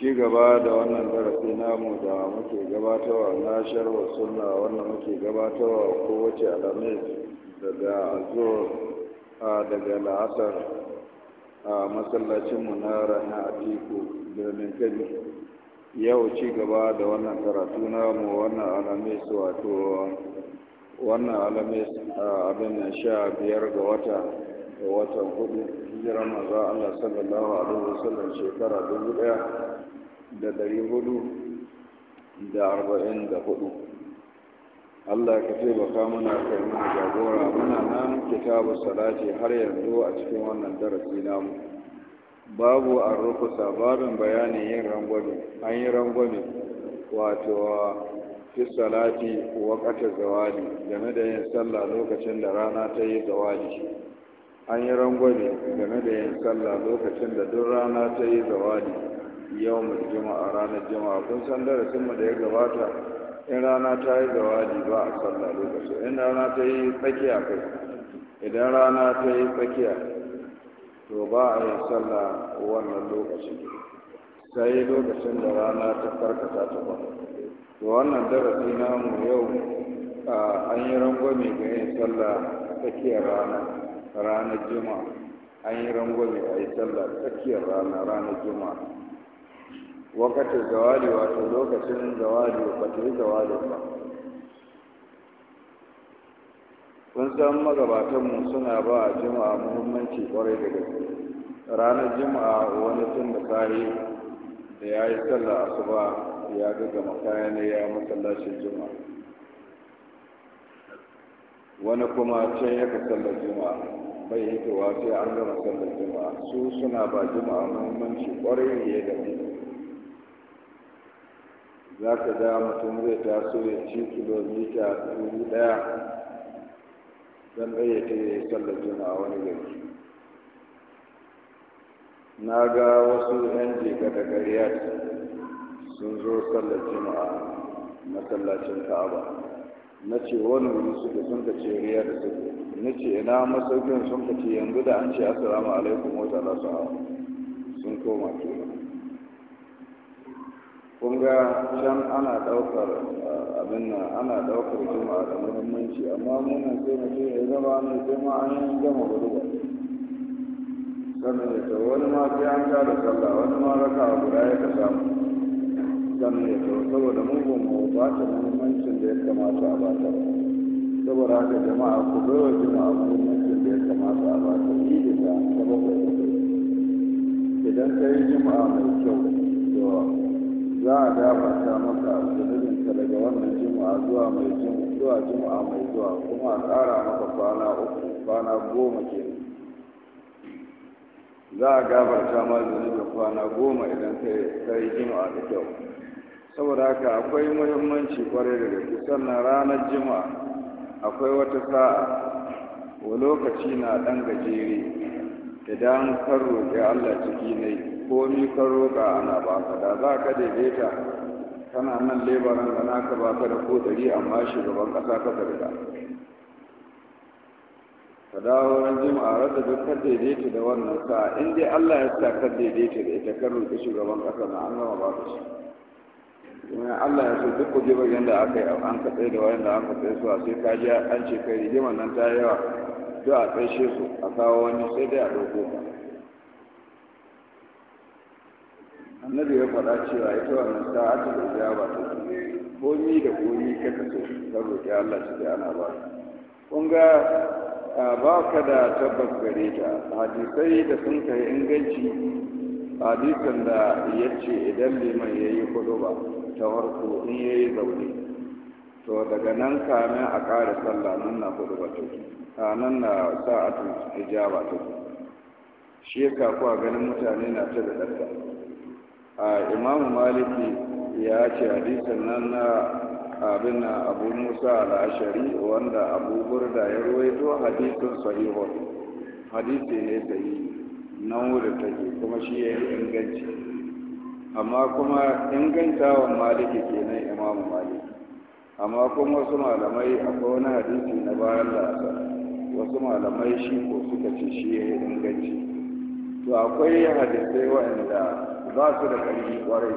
ci gaba da wannan darasi namu da muke gabatarwa na sharwa suna wannan muke gabatarwa kowace alamis daga azur daga la'asar a masallacinmu na atiku birnin kano yau ci gaba da wannan karatu namu wannan alamis wato wannan alamis abin sha biyar ga wata watan hudu hijirar maza allah sallallahu alaihi wasallam shekara dubu daya da ɗari hudu da arba'in da hudu Allah ka taimaka mana ka mana jagora muna nan kitabu salati har yanzu a cikin wannan darasi namu babu an rukusa babin bayanin yin rangwame an yi rangwame wato fi salati waƙata zawali game da yin sallah lokacin da rana ta yi zawali an yi rangwame game da yin sallah lokacin da duk rana ta yi zawali Yau yawmul juma'a ranar juma'a kun san darasin mu da ya gabata in rana ta yi zawadi ba a sallah lokaci in rana ta yi tsakiya kai idan rana ta yi tsakiya to ba a yi sallah wannan lokaci sai lokacin da rana ta karkata ta ba to wannan darasi namu yau an yi rangwame ga yin sallah tsakiyar rana ranar juma'a an yi rangwame a yi sallah tsakiyar rana ranar juma'a wakatar zawali wato lokacin zawali ba ta yi zawalin ba kun san magabatanmu suna ba a jima'a muhimmanci kwarai da gaske ranar jima'a wani tun da sahi da ya yi sallah asuba ya gaga makaya ne ya masallacin jima'a wani kuma can yaka sallar jima'a bai hitowa sai an gama sallar jima'a su suna ba jima'a muhimmanci kwarai da gaske za ka ga mutum zai taso ya ci kilomita dubu ɗaya don ɗaya ta yi sallar a wani gari na ga wasu 'yan jika da riyadh sun zo sallar juma'a masallacin ka'aba na ce wani wuri suka sun ka ce da suke na ce ina masaukin sun ka ce yanzu da an ce assalamu alaikum wa ta'ala sun koma kenan kun can ana ɗaukar eh, abin nan ana ɗaukar juma'a da muhimmanci amma munan sai ce ya gaba ne sai ma an yi gama guduwa sannan ya wani ma sai an ka da sallah wani ma raka a guda ya ka samu sannan ya ce saboda mun mu ba ta muhimmancin da ya kamata a ba ba saboda haka jama'a ku bai wa jama'a muhimmancin da ya kamata a ba ta yi da ta bakwai idan ka yi jama'a mai kyau da za a gafarta maka zunubin ka daga wannan jima'a zuwa mai zuwa jima'a mai zuwa kuma a tsara maka kwana uku kwana goma ke za a gafarta ma zunubin kwana goma idan ka yi jima'a da kyau saboda haka akwai muhimmanci kwarai da gaske sannan ranar jima'a akwai wata sa'a wa lokaci na ɗan gajere idan kan roƙi Allah ciki ne ko ni kan roƙa ana ka da za ka daidaita kana nan lebaran da naka ka da ko ɗari amma shugaban ƙasa ka zarga ka dawo ran jima'a rada duk ka daidaita da wannan sa in dai Allah ya sa ka daidaita da ita kan roƙi shugaban ƙasa na an gama ka shi domin Allah ya so duk ku ji bayan da aka yi an ka tsaye da wayan da an ka tsaye su a sai ka ji an ce kai rigimar nan ta yawa duk a tsaishe su a kawo wani sai dai a ɗauko ka annabi ya faɗa cewa ita wannan sa'atu da ba ta komi da komi ka kaso ka roƙi Allah shi da ana ba kun ga ba ka da tabbas gare ta hadisai da sun kai inganci hadisan da ya ce idan liman ya yi kudu ba ta farko in ya yi zaune to daga nan kamin a ƙara sallah nan na kudu ba ta take nan na sa'atun hijaba ta shi ya kafu a ganin mutane na ta da ɗarta a imamu maliki ya ce hadisin nan na abin na abu musa al'ashari wanda abu burda ya ruwaito hadisin sahihun hadisi ne ta yi nan wurin take kuma shi ya yi inganci amma kuma ingantawan maliki kenan imamu maliki amma kuma wasu malamai akwai wani hadisi na bayan la'asar wasu malamai shi ko suka ce shi ya yi inganci to akwai hadisai waɗanda ba su da ƙarfi ƙwarai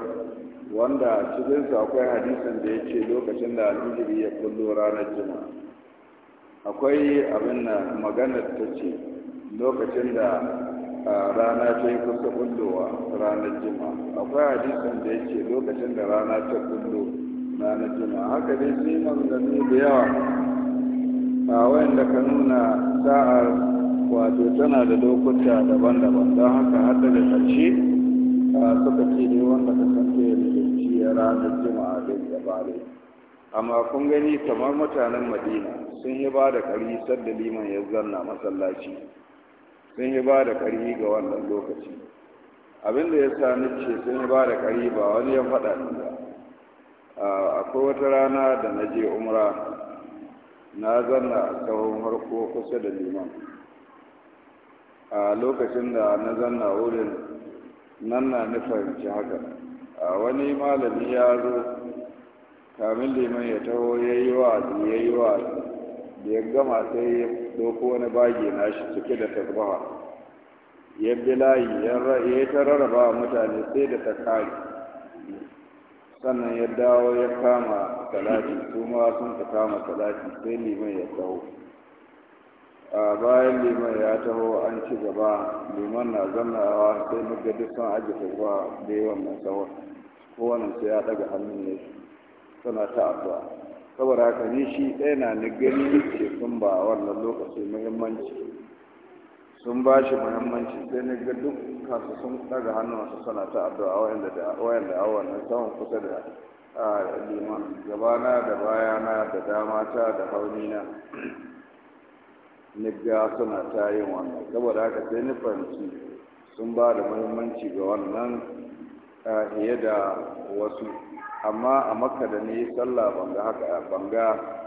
wanda cikinsu akwai hadisan da ya ce lokacin da alhijiri ya kullo ranar juma'a akwai abin na maganar ta ce lokacin da rana ta yi kusa kullowa ranar juma'a akwai hadisan da ya ce lokacin da rana ta kullo ranar juma'a haka dai sai manzanni da yawa a wayanda ka nuna sa'ar wato tana da lokuta daban-daban don haka har daga ƙarshe suka ce ne wanda ka san ya rikici ranar jima'a da dabare amma kun gani kamar mutanen madina sun yi ba da ƙarfi sadda liman ya zanna masallaci sun yi ba da ƙarfi ga wannan lokaci abinda ya sa ce sun yi ba da ƙarfi ba wani ya faɗa ni ba akwai wata rana da na je umra na zanna a tsawon harko kusa da liman a lokacin da na zanna wurin nan na nufanci haka a wani malami ya zo kamin liman ya taho ya yi wa ya yi wa da ya gama sai ya doko wani bagi na shi cike da tasbaha ya layi ya yi ta rarraba mutane sai da ta kari sannan ya dawo ya kama talaki su ma sun ka kama talaki sai liman ya taho a bayan liman ya taho an ci gaba liman na zannawa sai muka duk sun aji zuwa da yawan nan tsawon kowane su ya daga hannun ne suna ta abuwa saboda haka ni shi ɗaya na ni gani ke sun ba wannan lokacin muhimmanci sun ba shi muhimmanci sai na ga duk kasu sun daga hannuwansu suna ta addu'a wayanda da wayanda awon na samun kusa da liman gabana da bayana da damata da haunina nigga suna ta yin wannan saboda haka sai ni fahimci sun ba da muhimmanci ga wannan fiye da wasu amma a makka da ni sallah banga haka banga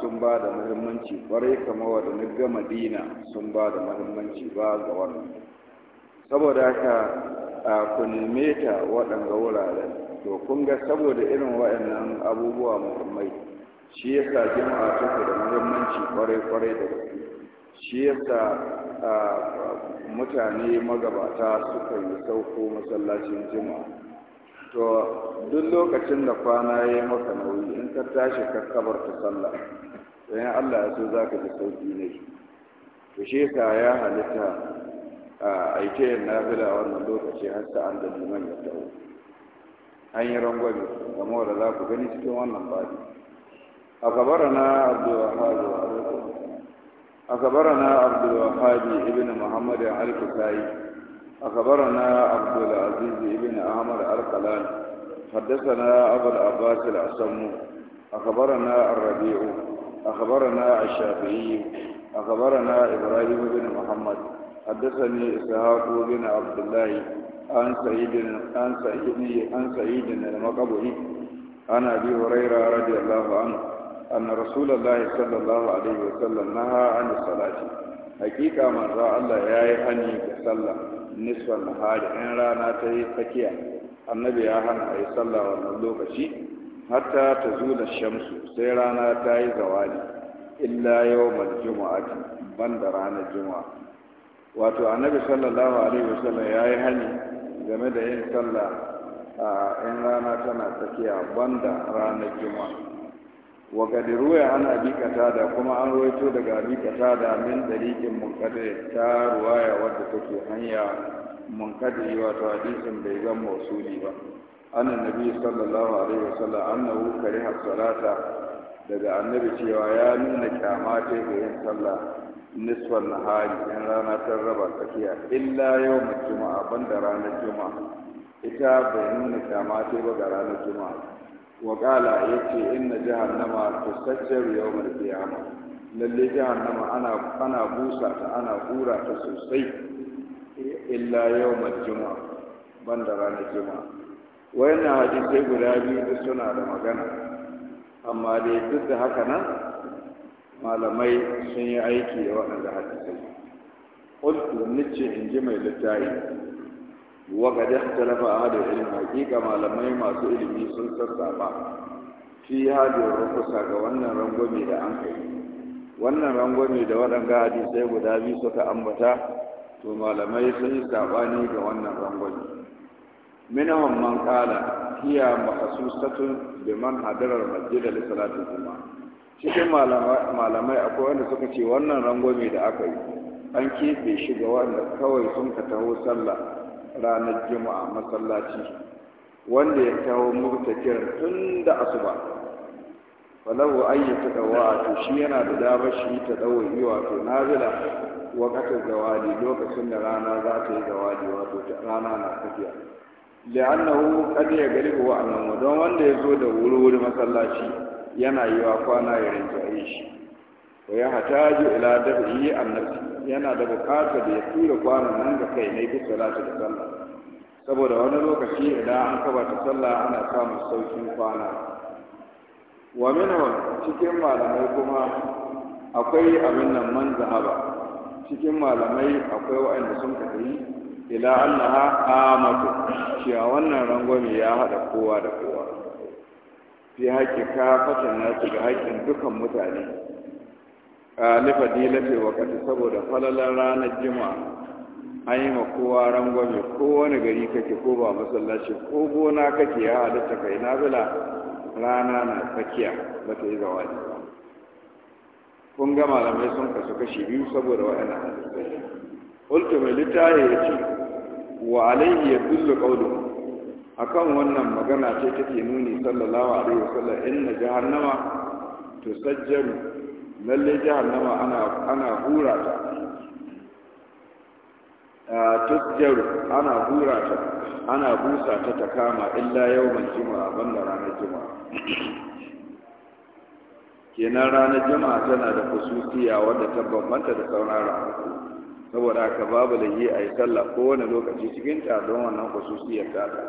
sun ba da muhimmanci kwarai kama wadda na ga madina sun ba da muhimmanci ba ga wannan saboda haka ku neme ta waɗanga wuraren to kun ga saboda irin waɗannan abubuwa muhimmai shi yasa jama'a take da muhimmanci kwarai kwarai da gaske shi yasa mutane magabata suka yi sauko masallacin jima'a to duk lokacin da kwana ya yi maka nauyi in ka tashi ka kabarta sallah to in Allah ya so za ka ji sauki ne to shi ka ya halitta a aike yin nafila wannan lokaci har an da liman ya tawo an yi rangwame game da za ku gani cikin wannan babi أخبرنا عبد الوهاب أخبرنا عبد ibn muhammad al الكسائي أخبرنا عبد العزيز بن أحمد القلاني حدثنا أبو العباس الأسم أخبرنا الربيع أخبرنا الشافعي أخبرنا إبراهيم بن محمد حدثني إسحاق بن عبد الله عن سعيد عن سعيد عن سعيد المقبري عن أبي هريرة رضي الله عنه أن رسول الله صلى الله عليه وسلم نهى عن الصلاة حقيقة من رأى الله يا هني كسلم nisfan nahari in rana ta yi tsakiya annabi ya hana a yi sallah wannan lokaci hatta ta zula shamsu sai rana ta yi zawali illa yau mal juma'ati da ranar juma'a wato annabi sallallahu alaihi wasallam ya yi hani game da yin sallah a in rana tana tsakiya ban da ranar juma'a wa gadiruwa ana abi da kuma an rawaito daga abi da min dariqin munqadi ta ruwaya wanda take hanya munqadi wato hadisin bai zan mausuli ba annan nabi sallallahu alaihi wasallam annahu kariha salata daga annabi cewa ya nuna kyama ta ga yin sallah nisfan nahari in rana ta raba tsakiya illa yau juma'a banda ranar juma'a ita bai nuna kyama ba ga ranar juma'a وقال يتي إن جهنم تسجر يوم القيامة lalle jahannama ana ana busa ta ana hura ta sosai illa yawmal juma'a banda ranar juma'a wayannan hadisai guda biyu suna da magana amma dai duk da haka nan malamai sun yi aiki da waɗanda hadisai qultu nace in ji mai littafi wa ga da talafa a da ilimin hakika malamai masu ilimi sun sassaba fi hadin rukusa ga wannan rangwami da an kai wannan rangwami da waɗanga hadisai guda biyu suka ambata to malamai sun yi sabani ga wannan rangwami. minahun man kala kiya ma'asusatun bi man hadarar majjida da salatu kuma cikin malamai akwai wanda suka ce wannan rangwami da aka yi an kife shi ga wanda kawai sun ka taho sallah ranar juma'a masallaci wanda ya kawo murtakir tun da asuba falahu ayyi ta dawa to shi yana da damar shi ta dawa yi wato nazila wakatar zawali lokacin da rana za ta yi zawali wato rana na tafiya li'annahu qad yaghlibu wa annahu don wanda ya zo da wuri wuri masallaci yana yi wa kwana ya rinjaye shi wa ya hataju ila dabi annabi yana da bukata da ya tura kwanan nan ga kai ne bi salatu da sallah saboda wani lokaci idan an kaba ta sallah ana samun saukin kwana wa minhum cikin malamai kuma akwai abin nan man zahaba cikin malamai akwai waɗanda sun kaɗi ila annaha amatu cewa wannan rangwame ya haɗa kowa da kowa fi haƙƙi ka fatan na ga haƙƙin dukan mutane lifadilatul waqti saboda falalar ranar juma'a an yi ma kowa rangwame ko wani gari kake ko ba masallaci ko gona kake ya halitta kai nafila rana na tsakiya ba ta yi zawadi ba kun ga malamai sun kasu kashi biyu saboda waɗannan hadisai ultu mai littafi ya ce wa alaihi ya dullu a kan wannan magana ce take nuni sallallahu alaihi wasallam inna jahannama tusajjaru lalle jahannama ana ana hura ta tujjar ana hura ta ana busa ta ta kama illa yawmal juma'a banda ranar juma'a kenan ranar juma'a tana da kususiya wanda ta bambanta da sauran ranaku saboda aka babu da yi a yi sallah wani lokaci cikin ta don wannan kususiyar ta ta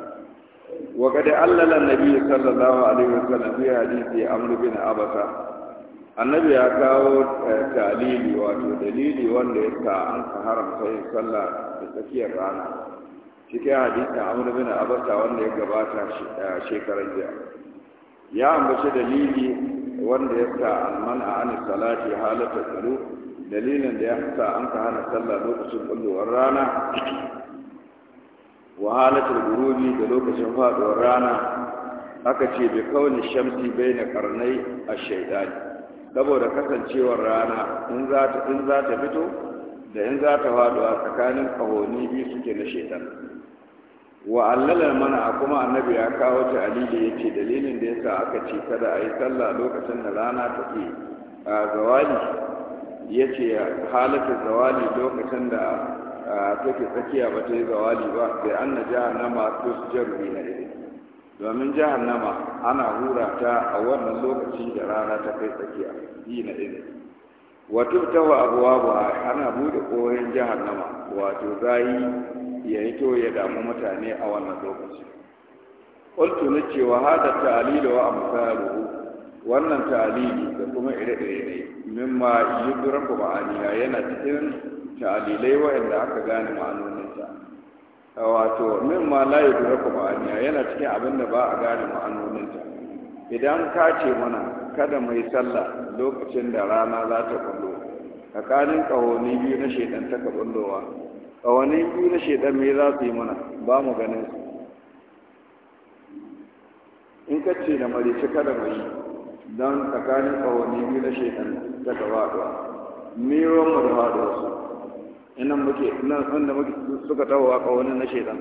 wa kada allala nabi sallallahu alaihi wasallam fi hadisi amru bin abasa annabi ya kawo dalili eh, wato dalili wanda ya sa an ka haramta yin sallah da tsakiyar rana cikin hadisi amr bin abasa wanda ya gabata eh, shekarar jiya ya ambaci dalili wanda ya sa alman a anis salati halata tsaro dalilin da ya sa an ka hana sallah lokacin kullowar rana wa halatul gurubi da lokacin faduwar rana aka ce bi kawai shamsi bai na karnai a shaidani saboda kasancewar rana in za ta in za ta fito da in za ta wado, a tsakanin kahoni biyu suke na shetan wa allalar mana kuma annabi ya kawo ta alili ya ce dalilin da yasa aka ce kada a yi sallah lokacin da rana take a zawali ya ce zawali lokacin da take tsakiya ba ta yi zawali ba sai an na masu to jarumi na iri domin nama, ana hura ta a wannan lokaci da rana ta kai tsakiya dina ɗin wato ta wa abuwa ba ana buɗe ƙorin jahannama wato zayi ya yi to ya damu mutane a wannan lokaci ƙultu na cewa hada ta'alilu wa amsaluhu wannan ta'alili da kuma ire-ire ne mimma yana cikin ta'alilai waɗanda aka gane ma'anoninsa wato min ma la ku ma'aniya yana cikin abin da ba a gane ma'anoninta idan ka ce mana kada mai sallah lokacin da rana za ta kullo tsakanin kawoni biyu na shaidan ta ka kullowa kawoni biyu na shaidan me za su yi mana ba mu ganin su in ka ce da marice kada mai don tsakanin kawoni biyu na shaidan ta ka ba da miron mu da haɗuwa su inan muke nan wanda muke suka tawowa kawonin na shaidan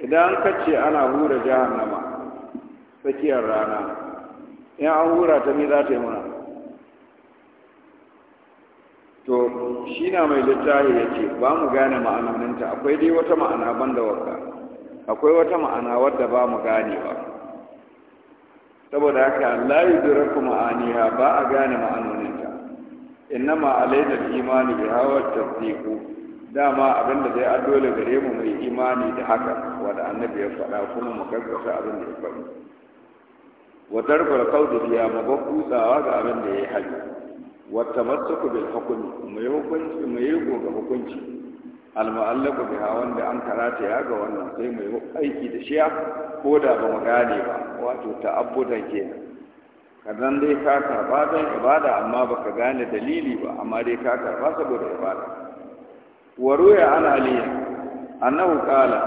idan ka ce ana hura jahannama tsakiyar rana in an hura ta me za ta yi muna to shi na mai littafi ya ce ba mu gane ma'anoninta akwai dai wata ma'ana ban da wanka, akwai wata ma'ana wadda ba mu gane ba saboda haka la ku ma'aniya ba a gane ma'anonin innama alaina imani bi hawa tasdiqu dama abinda zai dole gare mu mai imani da haka wanda annabi ya faɗa kuma mu gaggasa abin da ya faɗi wa tarkul qawli fiya mabqutawa ga abin da yayi hali wa tamassuku bil hukmi mu yi hukunci mu yi ga hukunci al mu'allaqu biha wanda an karata ya ga wannan sai mu yi aiki da shiya ko da ba mu gane ba wato ta'abbudan kenan kazan dai ka karɓa don ibada amma ba ka gane dalili ba amma dai ka karɓa saboda ibada wa ruya an aliya annahu qala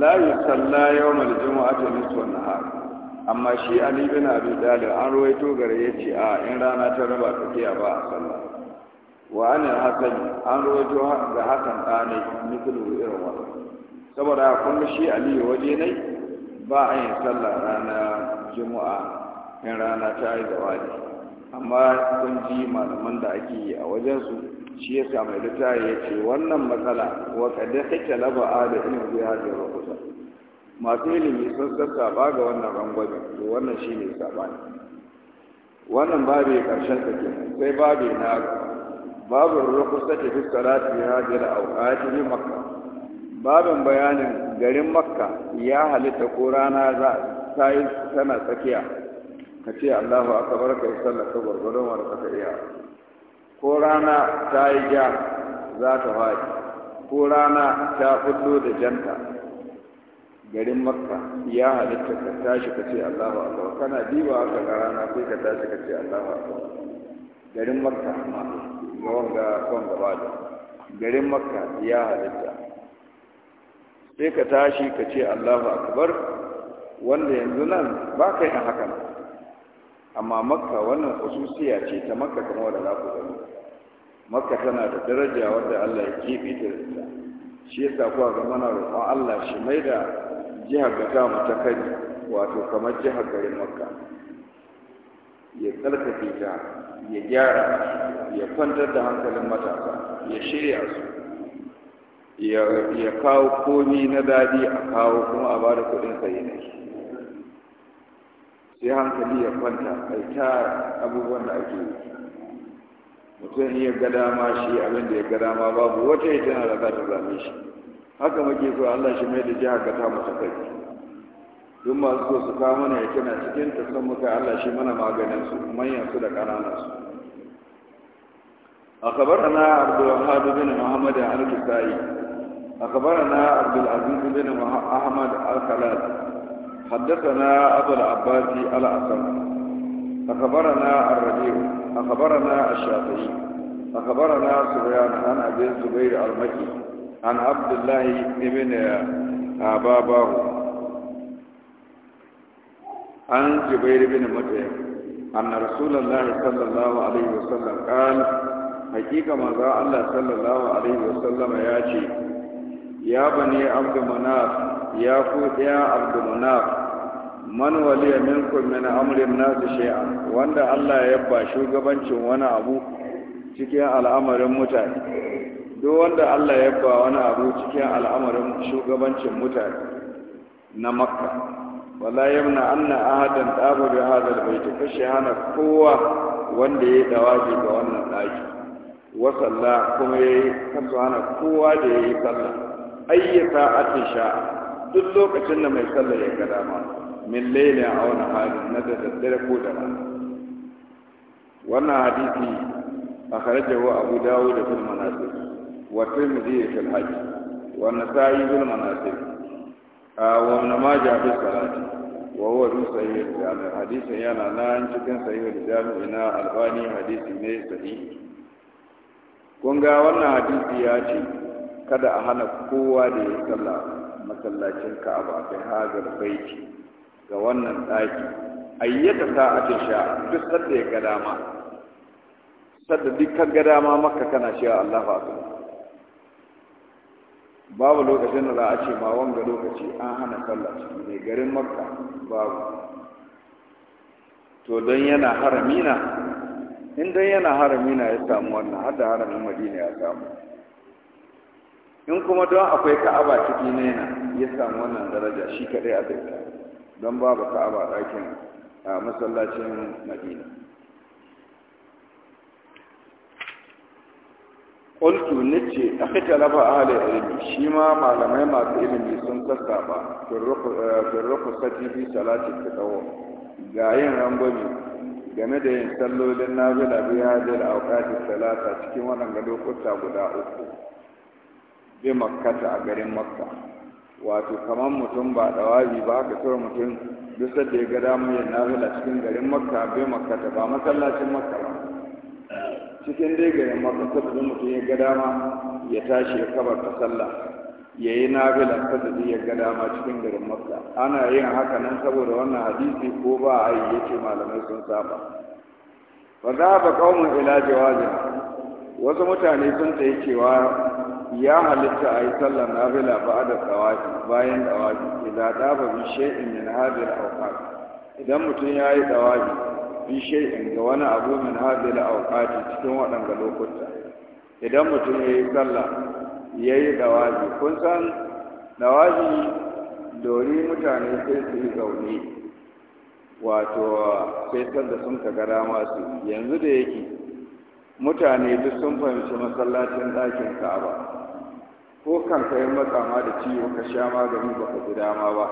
la yusalla yawm al-jum'ati nisfu an-nahar amma shi ali bin abi talib an ruwaito gare yace a in rana ta raba tsakiya ba a sallah wa an hasan an ruwaito ga hasan dane mithlu irin wannan saboda kun shi ali waje ne ba a yin sallah rana jumu'a in rana ta yi zawali amma kun ji malaman da ake yi a wajensu shi ya sa mai ya ce wannan matsala wa kadai laba a da ilmi ya ce rahusa masu ilimi sun sassa ba ga wannan rangwame to wannan shi ne sabani wannan babu ya karshen ta sai babu na babu rukusa ta fi salati ya da a ne makka babin bayanin garin makka ya halitta ko rana za ta yi tana tsakiya ka ce Allahu bar ka da ka gwargwadon wani ka iya ko rana ta yi ja za ta faɗi ko rana ta fito da janta garin makka ya halitta ka tashi ka ce Allahu bar kana diba ka ga rana sai ka tashi ka ce Allahu bar garin makka ma ga wanga kon gaba da garin makka ya halitta sai ka tashi ka ce Allahu akbar wanda yanzu nan ba kai yi hakan amma makka wannan kususiya ce ta makka kamar da za ku gani makka tana da daraja wadda Allah ya keɓe ta da shi yasa kuwa ga mana roƙon Allah shi mai da jihar ga ta ta kai wato kamar jihar garin makka ya tsarkake ta ya gyara ya kwantar da hankalin matasa ya shirya su ya kawo komi na daɗi a kawo kuma a ba da kuɗin sayi na shi sai hankali ya kwanta ai ta abubuwan da ake yi mutum ya ga dama shi abin da ya ga dama babu wata ita na da za ta zame shi haka muke so Allah shi mai da jiha ka ta masa kai duk masu so su kawo mana ya kina, cikin ta san muka Allah shi mana maganin su manyan su da ƙananan su أخبرنا عبد الوهاب بن محمد الكسائي أخبرنا عبد العزيز بن أحمد الخلال حدثنا أبو العباس الأسد أخبرنا الربيع أخبرنا الشافعي أخبرنا سفيان عن أبي الزبير المكي عن عبد الله بن باباه عن جبير بن مطعم أن رسول الله صلى الله عليه وسلم قال حقيقة ما الله صلى الله عليه وسلم ياتي يا بني عبد مناف ya ku ɗaya abdulmunaf man waliya minkum min amrin nasu shay'a wanda Allah ya yabba shugabancin wani abu cikin al'amarin mutane duk wanda Allah ya yabba wani abu cikin al'amarin shugabancin mutane na makka wala yamna anna ahadan tabu bi hadha albayt kashi hana kowa wanda ya dawaji ga wannan daki wa salla kuma yayi kasu hana kowa da yayi sallah ayyata atisha duk lokacin da mai sallah ya ga dama min lailin aw nahari na da daddare ko da rana wannan hadisi wa abu dawud da fil manasib wa tirmidhi fil hajj wa nasa'i fil A wa ibn majah fi salati wa huwa fi sahih al ya yana nan cikin sahih al jami' na albani hadisi ne sahihi kun ga wannan hadisi ya ce kada a hana kowa da ya sallah masallacin ka'aba kai hagar baiti ga wannan ɗaki ayyata ta sa'atin sha duk sadda ya ga dama sadda duk kan ga dama makka kana cewa Allah fa akbar babu lokacin da za a ce ma wanga lokaci an hana sallah ciki ne garin makka babu to don yana haramina in don yana haramina ya samu wannan har da haramin madina ya samu in kuma don akwai ka'aba ciki na yana, ya samu wannan daraja shi kadai a zai don babu ka'aba ɗakin a masallacin madina ƙultu ce a fita a halin ilimi shi ma malamai masu ilimi sun sassaba firruku eh, sati fi salatin ta tsawo ga yin rangwami game da yin sallolin nabila biya da auƙatin salata cikin waɗanda lokuta guda uku bi makata a garin makka wato kamar mutum ba wazi ba haka kawai mutum duk da ya ga damar yin nafila cikin garin makka bai makka ta ba masallacin makka ba cikin dai garin makka da mutum ya ga dama ya tashi ya kabar ta sallah ya yi ta da ya ga dama cikin garin makka ana yin haka nan saboda wannan hadisi ko ba a yi yace malamai sun saba fa za ba qaumun ila jawazin wasu mutane sun tsaye cewa ya halitta a yi sallar nafila ba da tsawaki bayan tsawaki idan ɗaba bi shay'in min hadhihi da awqat idan mutum ya yi tsawaki bi in ga wani abu min hadhihi da awqat cikin waɗanga lokuta idan mutum ya yi sallah ya yi tsawaki kun san tsawaki dori mutane sai su yi zaune wato sai sanda sun ka masu yanzu da yake mutane duk sun fahimci masallacin ɗakin ka'aba ko kanka yin ma da ciwo ka sha magani baka ji dama ba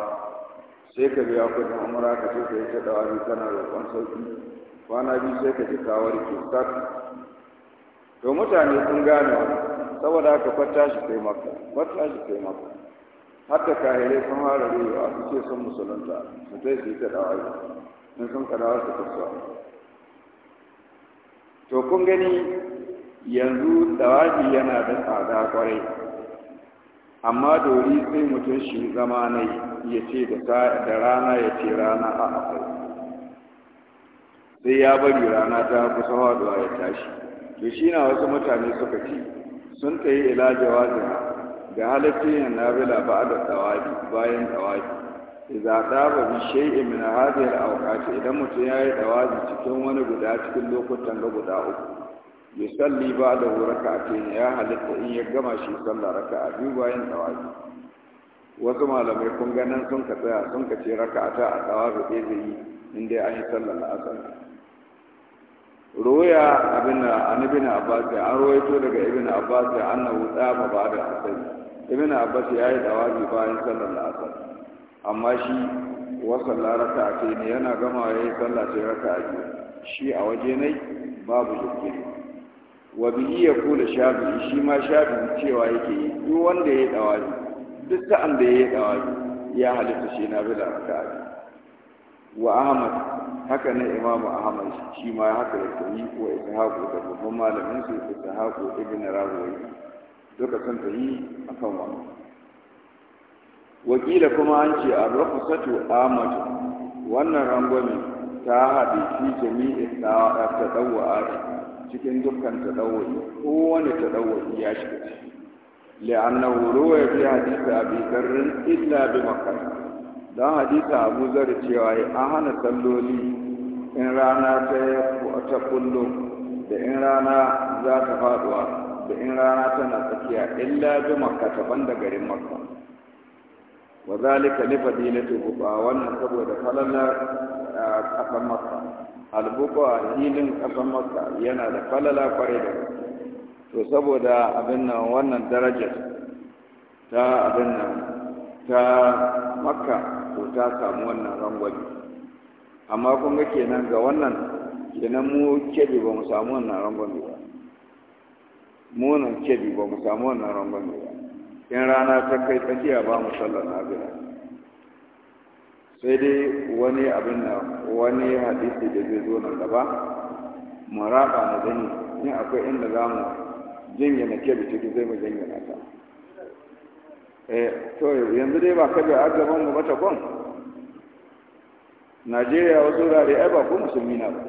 sai ka biya kudin umra ka ce ka yi ta dawari kana roƙon sauki kwana biyu sai ka ji ka warke sak to mutane sun gane saboda ka kwata shi kai maka kwata shi kai maka hatta kahirai sun fara rewa su ce sun musulunta su sai su yi ta dawari in sun kadawar su kasuwa to kun gani yanzu dawaji yana da tsada kwarai amma dori sai mutum shi zama na ya ce da rana ya ce rana a akwai sai ya bari rana ta kusa haduwa ya tashi to shi na wasu mutane suka ce sun ta yi ilajewa jawazin ga halittar yin nabila ba da tsawadi bayan tsawadi idza ba bi shay'in min hadhihi al-awqat idan mutum ya yi tsawazi cikin wani guda cikin lokutan ga guda uku yusalli ba da raka a cikin ya halitta in ya gama shi sallah raka a biyu bayan tsawafi wasu malamai kun ganin sun ka tsaya sun ka ce raka a ta a tsawafi ɗaya zai yi in dai an yi sallah la'asar ruwaya abin da an ibn abbas an ruwaito daga ibn abbas An annahu tsafa ba da asali ibn abbas ya yi tsawafi bayan sallah la'asar amma shi wasan raka a cikin yana gama ya yi sallah sai raka a biyu shi a waje nai babu jirgin. wa bi iya kula shafi shi ma shafi cewa yake yi duk wanda ya yi dawazi duk sa'an da ya yi ya halitta shi na bila raka'a wa ahmad haka ne imamu ahmad shi ma haka ya tafi wa ishaqu da babban malamin su ishaqu ibn rawi duka san yi akan wannan wakila kuma an ce a rafsatu ahmad wannan rangwame ta haɗe fi jami'i ta tadawwa cikin dukkan tadawwuri kowane tadawwuri ya shiga ciki li'annahu ruwaya fi hadisi abi zarrin illa bi makkah don hadisi abu zarri cewa ya an hana salloli in rana ta ta kullu da in rana za ta faduwa da in rana tana tsakiya illa bi makkah ta banda garin makkah wa zalika li fadilati buqa wannan saboda falalar a ah, ƙasar makkah a hilin ƙasar makka yana da falala kwarai da to saboda abin nan wannan darajar ta abin nan ta makka to ta samu wannan rangwame amma kuma kenan ga wannan kenan mu kebe ba mu samu wannan rangwame ba mu nan kebe ba mu samu wannan rangwame ba in rana ta kai tsakiya ba mu sallar gida. sai dai wani abin da wani hadisi da zai zo nan gaba mu raba mu gani in akwai inda za mu jingina ke da ciki zai mu jingina ta eh to yanzu dai ba ka ga gaban mu bata kon Najeriya wasu wurare ai ba ko musulmi na ba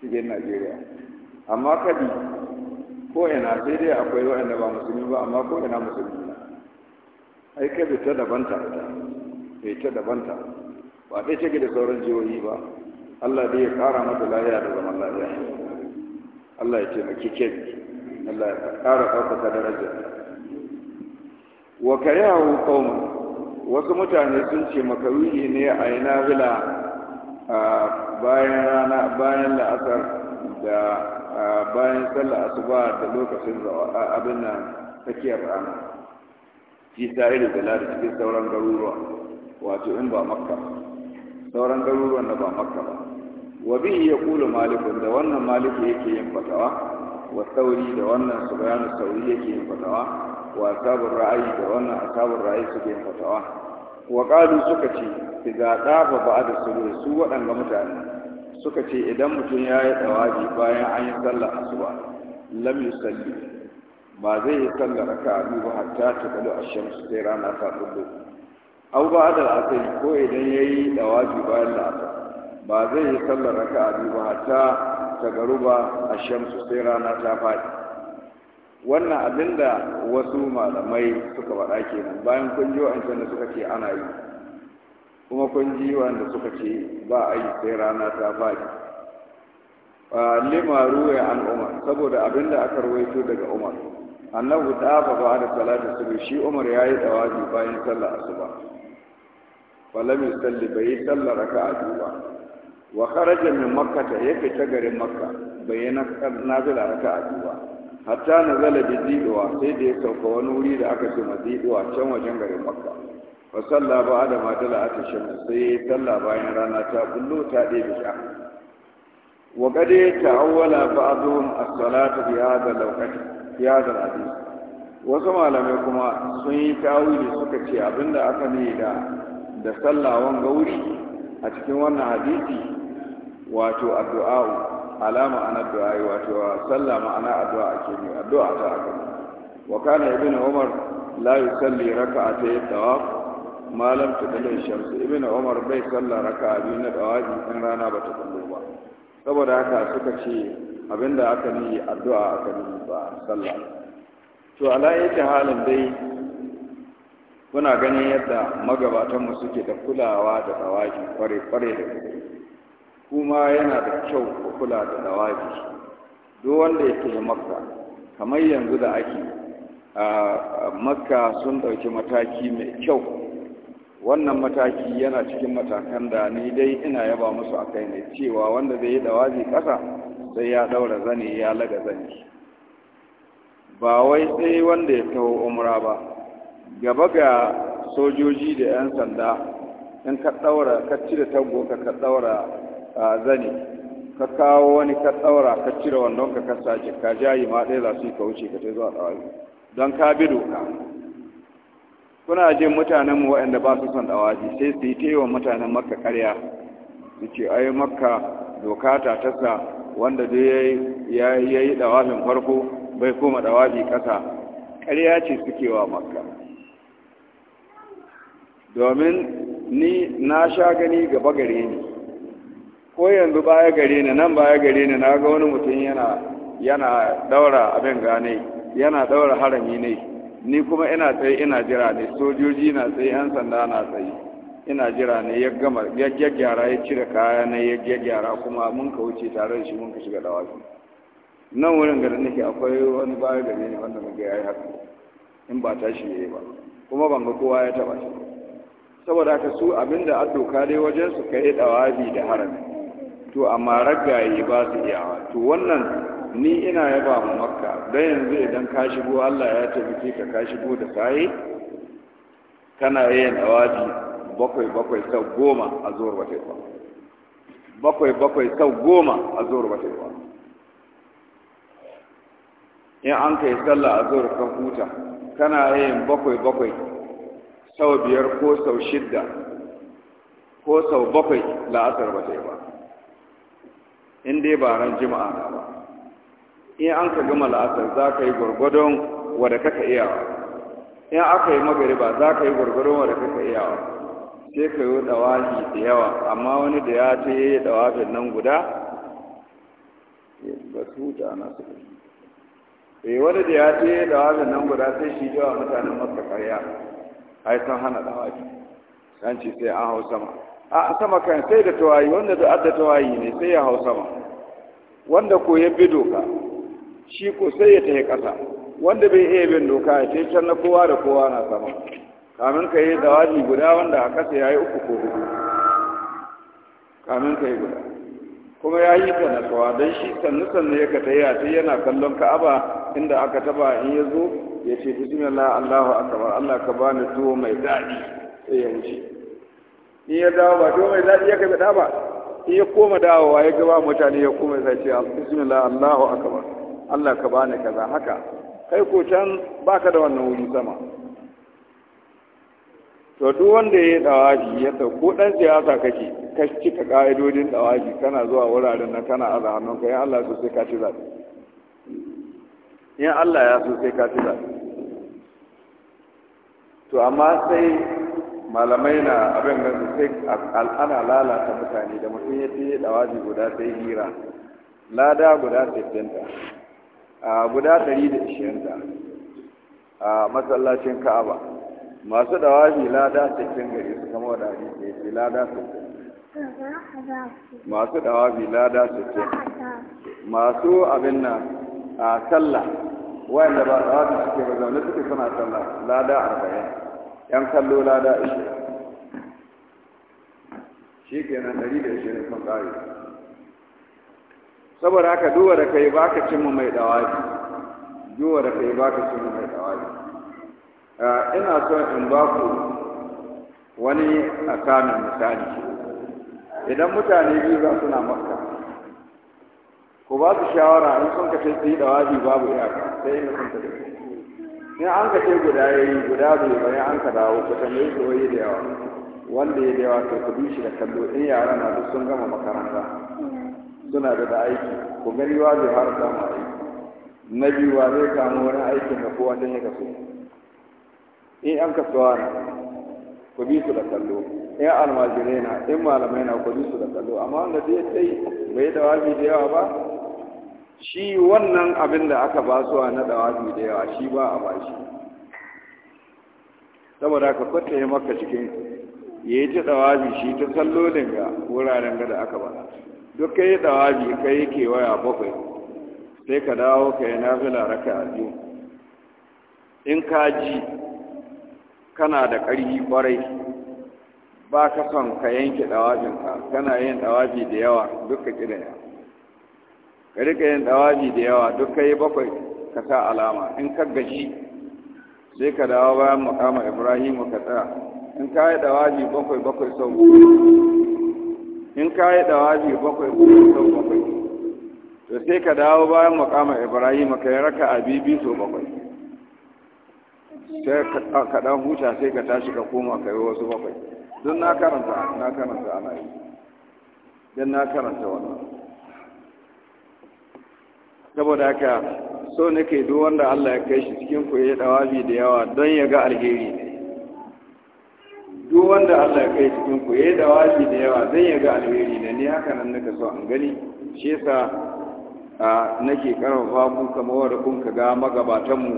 cikin Najeriya amma kadi ko ina sai dai akwai waɗanda ba musulmi ba amma ko ina musulmi na ai kabe ta daban ta ya ta dabanta ba ɗaya take da sauran jihohi ba Allah dai ya ƙara mata lafiya da zaman lafiya Allah ya ce taimaki ke Allah ya ƙara ɗaukaka daraja wa kariyahu qauma wasu mutane sun ce makaruhi ne a yi nafila bayan rana bayan la'asar da bayan sallah asuba da lokacin abin nan tsakiyar rana fi sa'ir da cikin sauran garuruwa wato in ba makka sauran garuruwan da ba makka ba wa ya kula malikun da wannan maliki yake yin fatawa wa sauri da wannan subyanu sauri yake yin fatawa wa asabur ra'ayi da wannan asabur ra'ayi suke yin fatawa wa qalu suka ce idza dafa ba'da sulhu su waɗanga mutane suka ce idan mutum ya yi tsawabi bayan an yi sallar asuba lam yusalli ba zai yi sallar raka'a ba hatta ta kalu ash-shams sai rana ta kullu au ba da ko idan ya yi dawafi bayan da la'asar ba zai yi sallar raka a duba ba ta garu ba a shamsu sai rana ta faɗi wannan abin da wasu malamai suka faɗa kenan bayan kun ji wa'ancan da suka ce ana yi kuma kun ji wa'anda suka ce ba a yi sai rana ta faɗi lima ya an umar saboda abin da aka rawaito daga umar annabu ta fa ba da salatu subhi shi umar yayi dawaji bayan sallar asuba falam yusalli bai sallar raka'a a duba. wa kharaja min makka ta yake ta garin makka bai na nazila raka'a a duba. hatta na zala bi zidowa sai da ya sauka wani wuri da aka ce mazidowa can wajen garin makka fa salla ba da ma dala ata shamsu sai salla bayan rana ta bullo ta ɗebe sha wa qad ta'awwala ba'dhum as-salata bi hadha al hada fi hadha hada hadith wasu malamai kuma sun yi tawili suka ce abinda aka ne da da sallawan gauri a cikin wannan hadisi wato addu'a alama ana addu'a wato sallah ma'ana addu'a ake ne addu'a ta aka wa kana ibn umar la yusalli rak'atay tawaf ma lam tudalla shamsu ibn umar bai salla raka biyu na tawafi in rana ba ta kullu ba saboda haka suka ce abinda aka yi addu'a aka yi ba sallah to ala yake halin dai kuna ganin yadda magabatanmu suke da kulawa da dawaji kware-kware da kuma yana da kyau ku kula da dawaji duk wanda yake makka kamar yanzu da ake a makka sun ɗauki mataki mai kyau wannan mataki yana cikin matakan da ni dai ina yaba musu a kai ne cewa wanda zai yi dawaji ƙasa sai ya ɗaura zane ya laga zane ba wai sai wanda ya taho umra ba gaba ga sojoji da 'yan sanda in ka ɗaura ka cire taggo ka ka ɗaura zane ka kawo wani ka ɗaura ka cire wandon ka kasa ce ka jayi ma ɗaya za su yi ka wuce ka ta zuwa tsawari don ka bi doka kuna jin mutanenmu waɗanda ba su son ɗawaji sai su yi ta yi wa mutanen makka karya su ce yi makka doka ta tasa wanda dai ya yi ɗawafin farko bai koma ɗawafi ƙasa ƙarya ce suke wa makka domin ni na sha gani gaba gare ni ko yanzu baya gare ni nan baya gare ni na ga wani mutum yana yana daura abin gane yana daura harami ne ni kuma ina tsaye ina jira ne sojoji na tsaye yan sanda na tsaye ina jira ne ya gama ya gyaggyara ya cire kaya na ya gyaggyara kuma mun ka wuce tare da shi mun ka shiga dawaki nan wurin garin nake akwai wani baya gare ni wanda muke yayi haka in ba tashi ne ba kuma ban ga kowa ya taba shi saboda ka su abinda an doka dai wajen su kai dawabi da harami to amma ragaye ba su iyawa to wannan ni ina yaba mu makka dan yanzu idan ka shigo Allah ya tabbike ka ka shigo da kai kana yin dawabi bakwai bakwai sau goma a zuwar wata ba bakwai bakwai sau goma a zuwar wata ba in an kai sallah a zuwar ka huta kana yin bakwai bakwai sau biyar ko sau shidda ko sau bakwai la'asar ba ta yi ba in dai ba ran jima'a na ba in an ka gama la'asar za ka yi gwargwadon wadda kaka iyawa in aka yi ba za ka yi gwargwadon wadda kaka iyawa sai ka yi dawahi da yawa amma wani da ya ce ya yi dawafin nan guda ba su huta na su kai eh, wani da ya ce ya yi dawafin nan guda sai shi jawa mutanen masa karya ai san hana dawafi an ce sai an hau sama a sama kan sai da tawayi wanda da adda tawayi ne sai ya hau sama wanda ko ya bi doka shi ko sai ya tafi ƙasa wanda bai iya bin doka ya ce can na kowa da kowa na sama kamin ka yi dawaji guda wanda a ƙasa ya yi uku ko hudu kamin ka yi guda kuma ya yi sanatawa, don shi sannu sannu ya ka yi a yana kallon ka'aba inda aka taba in ya zo ya ce bismillah Allahu akbar Allah ka bani tuwo mai daɗi sai ya wuce in ya dawo ba tuwo mai daɗi ya kai da ba in ya koma dawowa ya gaba mutane ya koma sai ce bismillah Allahu akbar Allah ka bani kaza haka kai ko can baka da wannan wuri sama to duk wanda ya yi dawaji ya ko dan siyasa kake ka cika ka'idodin dawaji kana zuwa wuraren nan kana aza hannunka ya Allah sosai ka ci zaɓe in Allah ya so sai ka ci to amma sai malamai na abin da sai al'ana lalata mutane da mutum ya ce dawaji guda sai hira lada guda 60 a guda 120 a masallacin ka'aba masu dawaji lada 60 gari su kama da hadisi ya ce lada masu dawaji lada 60 masu abin nan a sallah wayanda ba a su suke ba zaune suke suna sallah lada arba'in yan kallo lada ishe shi nan ɗari da ne sun tsari. saboda haka duwa da kai ba ka cimma mai dawaji duwa da kai ba ka cimma mai ɗawaji ah, ina son in ba ku wani a kamin misali idan mutane biyu za suna makka ku ba su shawara in sun kace su yi dawabi babu iyaka sai in sun tafi in an kace guda yayi guda bai bari an ka dawo ka tambaye su waye da yawa wanda ya da yawa to ku bi shi da kallo in yara na duk sun gama makaranta suna da da aiki ku gani wazi har fara aiki na biyu wa zai samu wani aikin na kowa don ya kaso in an kasuwa na ku bi su da kallo in almajirai na in malamai na ku bi su da kallo amma wanda zai tsayi bai da wabi da yawa ba shi wannan abin da aka ba su a na dawafi da yawa shi ba a ba shi saboda ka kwata ya maka cikin ya yi ta ɗawabi shi ta sallolin ga wuraren da aka ba duk ka yi ɗawabi ka yi kewaya bakwai sai ka dawo ka yi nafila laraka a biyu in ka ji kana da ƙarfi ƙwarai ba ka son ka yanke ɗawabinka. kana yin ɗawabi da yawa duk ka ƙidaya ka rika yin dawaji da yawa duk kai bakwai ka sa alama in ka gaji sai ka dawo bayan makama Ibrahim ka tsaya in ka yi dawaji bakwai bakwai sau in ka yi dawaji bakwai sau bakwai to sai ka dawo bayan makama Ibrahim ka yi raka abibi sau bakwai sai ka dan huta sai ka tashi ka koma ka yi wasu bakwai don na karanta na karanta ana yi don na karanta wannan saboda haka so nake duk wanda Allah ya kai shi cikin ku ya dawabi da yawa don ya ga alheri duk wanda Allah ya kai cikin ku ya dawabi da yawa don ya ga alheri da ni haka nan nake so an gani shi yasa nake karfafa ku kamar wanda kun ka ga magabatan mu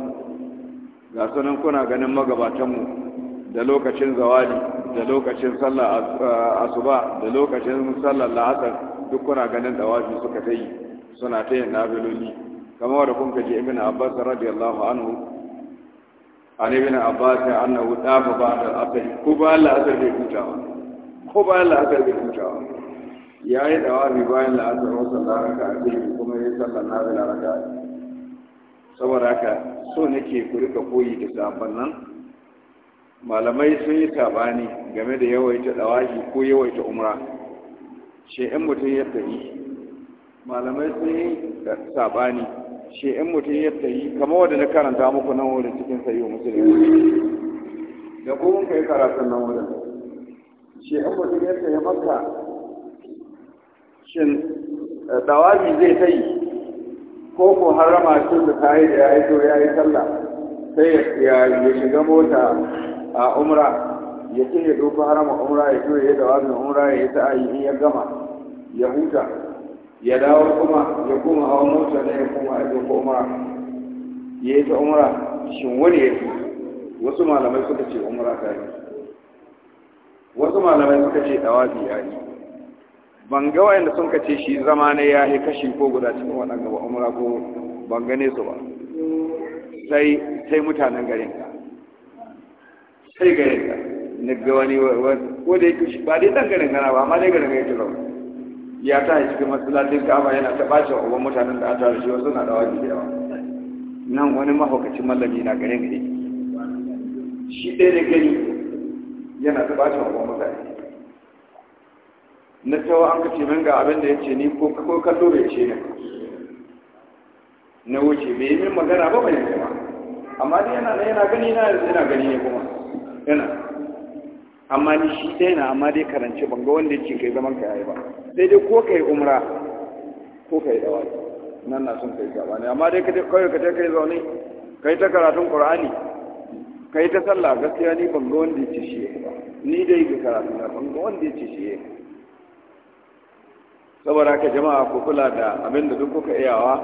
ga sunan kuna ganin magabatan mu da lokacin zawali da lokacin sallah asuba da lokacin sallar la'asar duk kuna ganin dawabi suka ta yi suna ta yin nabiloli kamar da kun kaji ibn abbas radiyallahu anhu an ibn abbas annahu dafa ba da asr ko ba Allah asr bai ba ko ba Allah asr bai ba yayi dawabi bayan la'asar wa sallallahu alaihi kuma ya sallar nafila raka'a saboda haka so nake ku rika koyi da sabon nan malamai sun yi tabani game da yawaita dawashi ko yawaita umra shi in mutum ya tafi malamai sun yi saɓani shi in mutum ya sayi kamar wadda na karanta muku nan wurin cikin sayi musulmi da kuma kai karatun nan wurin shi in mutum ya sayi maka shin eh, dawabi zai ta yi ko ko harama shi da ta yi da ya yi to ya yi sallah sai ya shiga mota a umra ya ce ya dofa harama umra ya to ya yi umra ya yi ta ayi in ya gama ya huta ya dawo kuma ya koma hawa mota ne ya kuma ya koma ya yi ta umra shin wani ya fi wasu malamai suka ce umra ta yi wasu malamai suka ce dawabi ya yi ban ga wayanda sun kace shi zama ne ya yi kashi ko guda cikin waɗanda ba umra ko ban gane su ba sai sai mutanen garin ka sai garin ka na ga wani ko da yake ba dai dan garin gana ba amma dai garin ka yake ya ta yi cikin masallacin ka'aba yana ta bace wa uban mutanen da an tara shi wasu na dawa da yawa nan wani mahaukacin mallami na gare gare shi ɗaya da gani yana ta bace wa uban mutane na tawa an kace min ga abin da ya ce ni ko ko kallo bai ce ni na wuce bai min magana ba bai ba amma dai yana yana gani na yana gani ne kuma yana amma ni shi Sai na amma dai karance ban ga wanda yake kai zaman ka ba sai dai ko kai umra ko kai dawa nan na son kai gaba ne amma dai kai kai kai kai zaune kai ta karatun qur'ani kai ta sallah gaskiya ni ban ga wanda yake shi ba ni dai ga karatu na ban ga wanda yake shi saboda haka jama'a ku kula da abin da duk kuka iyawa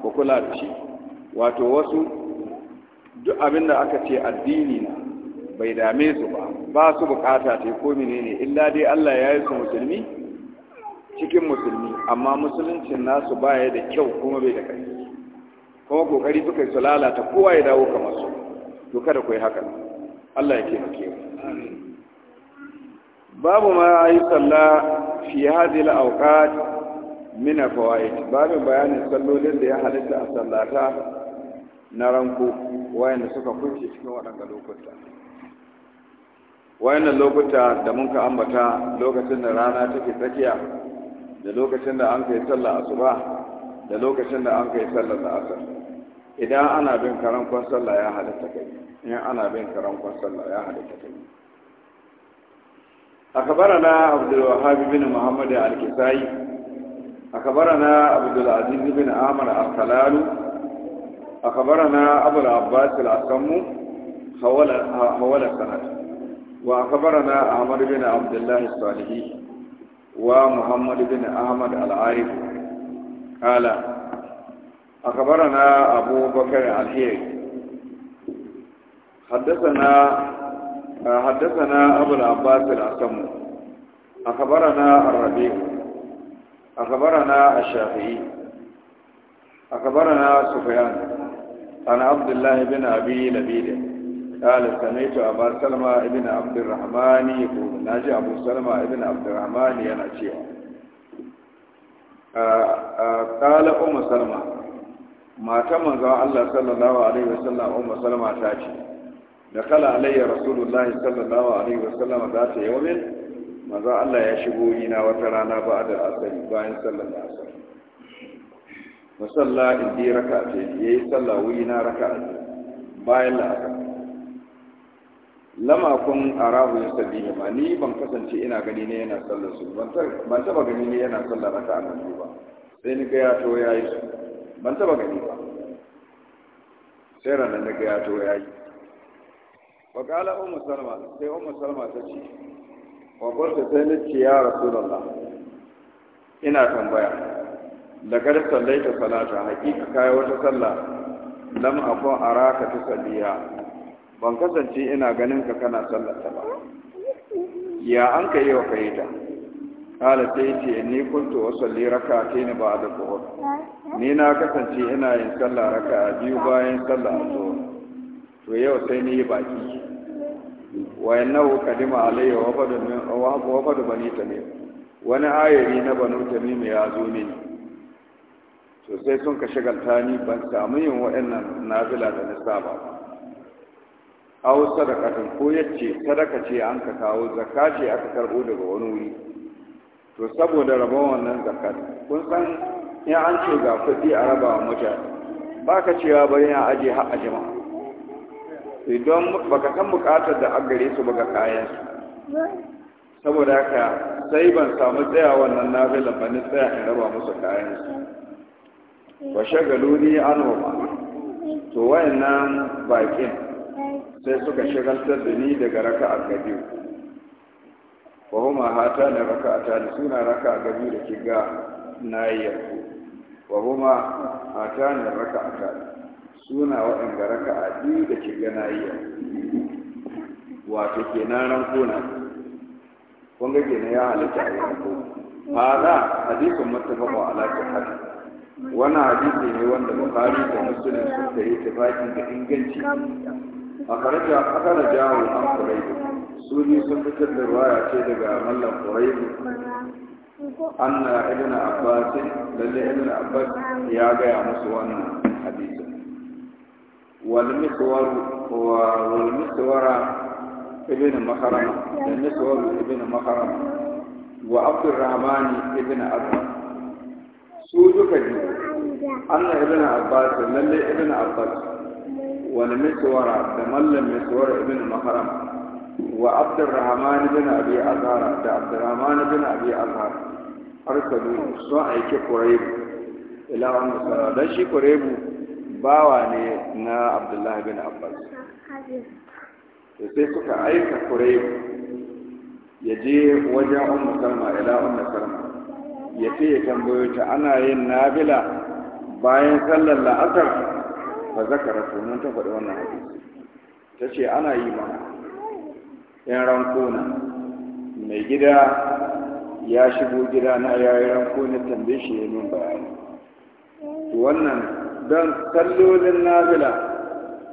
ku kula da shi wato wasu duk abin da aka ce addini na bai dame su ba ba su bukata ta ko menene illa dai Allah ya yi su musulmi cikin musulmi amma musuluncin nasu baya da kyau kuma bai da ƙarfi kuma kokari suka su lalata kowa ya dawo kamar su to kada ku yi haka Allah ya taimake mu babu ma yi salla fi hadi al-awqat min fawaid babu bayanin sallolin da ya halitta a sallata na ranko wayanda suka kunce cikin waɗanda lokuta wayannan lokuta da mun ka ambata lokacin da rana take tsakiya da lokacin da an kai sallah asuba da lokacin da an kai sallar asar idan ana bin kwan sallah ya halitta kai in ana bin kwan sallah ya halitta kai al-kisai akabara na abdul الكسائي bin amr al بن akabara na abul abbas al الأسم hawala hawala السند وأخبرنا أحمد بن عبد الله الصالحي ومحمد بن أحمد العارف قال أخبرنا أبو بكر الحيري حدثنا حدثنا أبو العباس الأسم أخبرنا الربيع أخبرنا الشافعي أخبرنا سفيان عن عبد الله بن أبي لبيد talibta ne to amma salma ibn abdurrahmani ko na ji abu salma ibn abdurrahmani yana cewa kala umar salma mata manzan allah sallallahu alaihi wasallam umar salma ta ce da kala alayya rasulullahi sallallahu alaihi wasallam za ta yi wamin manzan allah ya shigo yi wata rana bayan sallallahu alaihi wasallam musalla indi raka ce yayi sallah wuyi na raka bayan la'asar lama kun arahu ya sabbi ma ni ban kasance ina gani ne yana sallar su ban taba gani ne yana sallar raka a nan ba sai ni ga ya to ya yi su ban taba gani ba sai ranar na ga ya to ya yi wa kala ummu salma sai ummu salma ta ce wa qultu sai ni ce ya rasulullah ina tambaya da kar sallaita salata hakika kai wata sallah lam akun araka tusalliya ban kasance ina ganin ka kana sallata ba ya an ka yi wa fahimta kala sai ce ni kuntu wasalli raka ta ni ba da kuhur ni na kasance ina yin sallah raka biyu bayan sallah zuwa to yau sai ni yi baki wayannahu kadima alayya wa fadu ne? wa wani ayari na banu tamim ya zo mini to sai sun ka shagalta ni ban samu yin waɗannan nazila da na saba ba aw sadaqatan ko yace sadaka ce an ka kawo zakka ce aka karbo daga wani wuri to saboda rabon wannan zakat kun san in an ce ga kuɗi a raba wa mutane ba ka cewa bari ya aje har a jama'a idan baka san buƙatar da agare su baga kayan su saboda haka sai ban samu tsaya wannan nafila ba ni tsaya in raba musu kayan su wa shagaluni an to wayannan bakin sai suka shagaltar da ni daga raka a gabi wa huma hata na raka a tani suna raka a gabi da kiga na yi yanku wa huma hata na a tani suna waɗanda a biyu da kiga na yi yanku wato kenan ranko na kun ga na ya halitta a yanku hada hadisin muttafaqu ala sahih Wani hadisi ne wanda bukhari da sun suka yi tafaki da inganci أخرج أخرجه عن قريب سوري سنة الرواية كده ملا قريب أن ابن عباس للي ابن عباس يا مسوانا حديثا والمسور والمسور ابن مخرم المسور ابن مخرم وعبد الرحمن ابن أبي su duka ne an na ibn abbas lalle ibn abbas Wani miswara da mallam miswara ibn mahram wa abdurrahman bin abi azhar da abdurrahman ibn abi azhar arsalu sun aiki quraibu ila ummu sara dan shi quraibu bawa ne na abdullahi bin abbas to sai suka aika quraibu ya je wajen ummu salma ila ummu salma ya ce ya tambayo ta ana yin nabila bayan sallar la'asar fa zakara nan ta faɗi wannan hadisi ta ce ana yi ma yan rankona mai gida ya shigo gida na ya yi rankona tambaye shi ya min bayani to wannan don kallolin nazila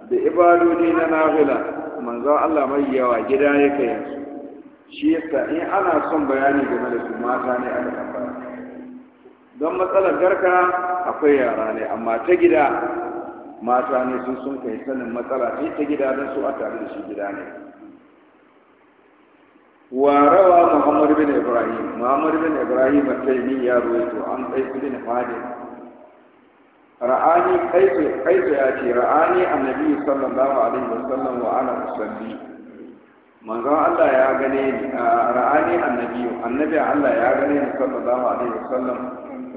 da ibadodi na nazila manzo Allah mai yawa gida ya kai yanzu shi yasa in ana son bayani game da su mata ne a don matsalar garka akwai yara ne amma ta gida mata ne sun sun kai sanin matsala sai ta gida don su a tare da shi gida ne warawa muhammad bin ibrahim muhammad bin ibrahim taimi ya ruwaito an tsaifi bin fadin ra'ani kaisu ya ce ra'ani annabi sallallahu alaihi wasallam wa ana usalli manzon Allah ya gane ni ra'ani annabi annabi Allah ya gane ni sallallahu alaihi wasallam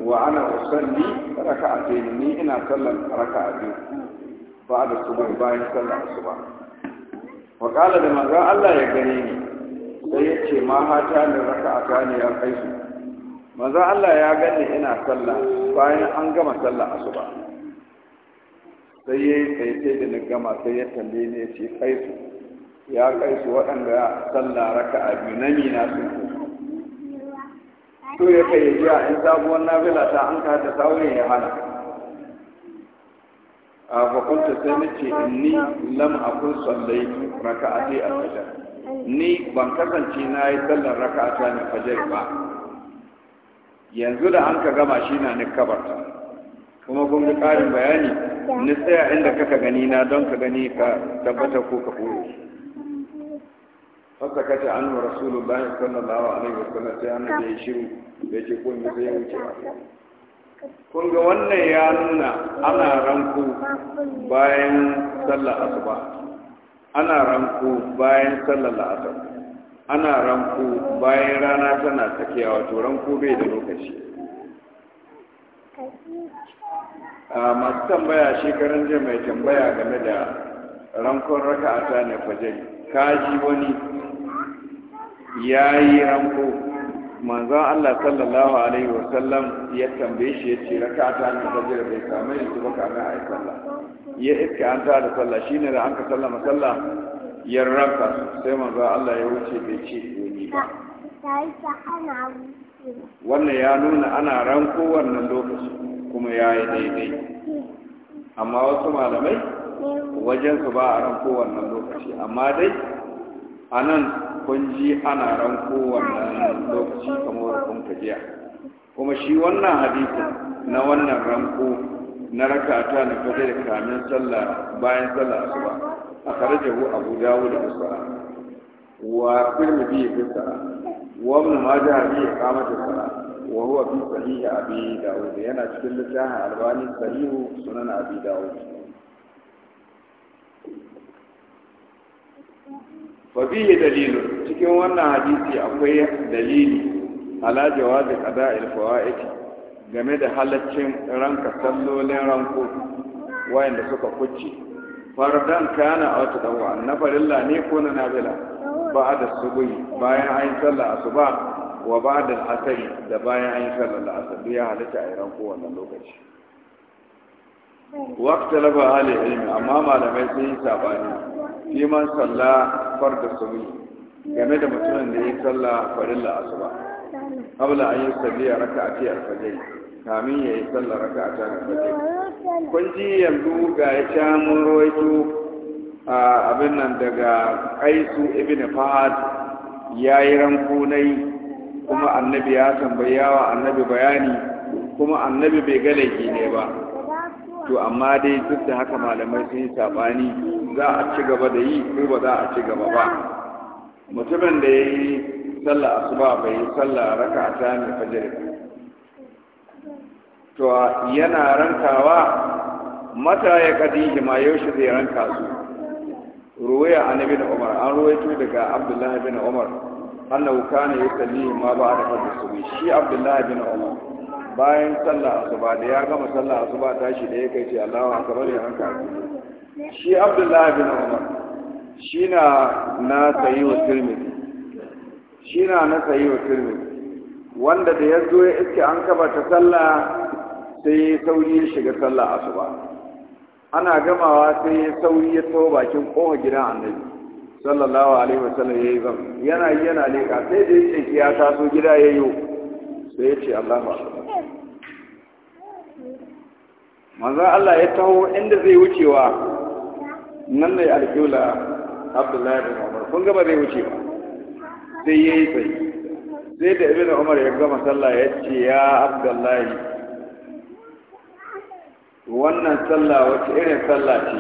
wa ana usalli raka'atayn ni ina sallan raka'atayn biyu ba da suba bayan su ba. wa qala da manzo Allah ya gane ni sai ya ce ma hata ni raka'ata ne ya kai su manzo Allah ya gane ina sallah bayan an gama sallar asuba sai ya sai sai da ni gama sai ya tambaye ni ya kai su ya kai su waɗanda sallah raka'a biyu na ni na su so ya kai jiya in sabuwar Nabila ta an ka da saurin ya hana a bakunta, sai na ce ni lam akun sallai raka a a ni ban kasance na yi sallar raka a ta fajar ba yanzu da an ka gama shi na ni kabarta kuma kun ga ƙarin bayani ni tsaya inda kaka gani na don ka gani ka tabbata ko ka kore haka kace an rasulullahi a alaihi wasallam sai da ya shiru da ke ko me sai ya wuce kun ga wannan ya nuna ana ranku bayan sallar asuba ana ranku bayan sallar la'asar ana ranku bayan rana tana tafiya wato ranku bai da lokaci a masu tambaya shekaran jiya mai tambaya game da rankon raka a ta ne fajari kaji wani ya yi ranko manzan Allah sallallahu alaihi wasallam ya tambaye shi ya ce raka ta ne fajr bai samu yin su baka na haifar sallah ya iska an ta da sallah ne da an ka sallama sallah ya ranka sai manzan Allah ya wuce bai ce ni ba wannan ya nuna ana ranko wannan lokaci kuma ya yi daidai amma wasu malamai wajensu ba a ranko wannan lokaci amma dai a nan kun ji ana ranko wannan lokaci kamar kun jiya kuma shi wannan hadisi na wannan ranko na rakata na da kamin sallah bayan sallah asuba akhrajahu abu dawud da sahih wa kullu bi sahih wa ibn majah bi iqamati sahih wa huwa fi sahih abi dawud yana cikin littafin albani sahih sunan abi dawud fa bihi dalilun cikin wannan hadisi akwai dalili ala jawazi qada'il fawaid game da halaccin ranka sallolin ranko wayanda suka kucce fardan kana aw tadawwa na farilla ne ko na nabila ba'da subuhi bayan ayin sallah asuba wa ba'da asari da bayan ayin sallah al-asr ya halatta a ranko wannan lokaci وقت lafa آل ilmi amma malamai sun yi sabani fi man salla farda subi game da mutumin da ya salla farilla asuba qabla an yusalli raka'ati al-fajr kamin ya yi sallar raka'ata al-fajr kun ji yanzu ga ya mun abin nan daga Kaisu, ibn Fahad yi rankunai kuma annabi ya tambayawa annabi bayani kuma annabi bai ga laifi ne ba to amma dai duk da haka malamai sun yi saɓani za a ci gaba da yi ko ba za a ci gaba ba mutumin da ya yi sallah asuba bai yi sallah raka a ta mai to yana rankawa mata ya kadi ma yaushe zai ranka su ruwaya annabi da umar an ruwaito daga abdullahi bin umar annahu kana yusalli ma ba da fadl su shi abdullahi bin umar bayan sallah asuba da ya gama sallah asuba tashi da ya kai ce Allahu akbar ya hanka shi Abdullahi bin Umar shi na na sayi wa Tirmidhi shi na na sayi wa Tirmidhi wanda da ya zo ya iske an kaba ta sallah sai ya sauri ya shiga sallah asuba ana gamawa sai ya sauri ya tawo bakin kofa gidan annabi sallallahu alaihi wasallam yayi zam yana yana leka sai da yake ya taso gida yayo sai ya ce Allahu akbar Allah ya taho inda zai wucewa nan ne alƙibla Abdullahi bin Umar kun gaba zai wuce ba sai yi sai sai da Ibn Umar ya gama sallah ya ce ya Abdullahi wannan sallah wacce irin sallah ce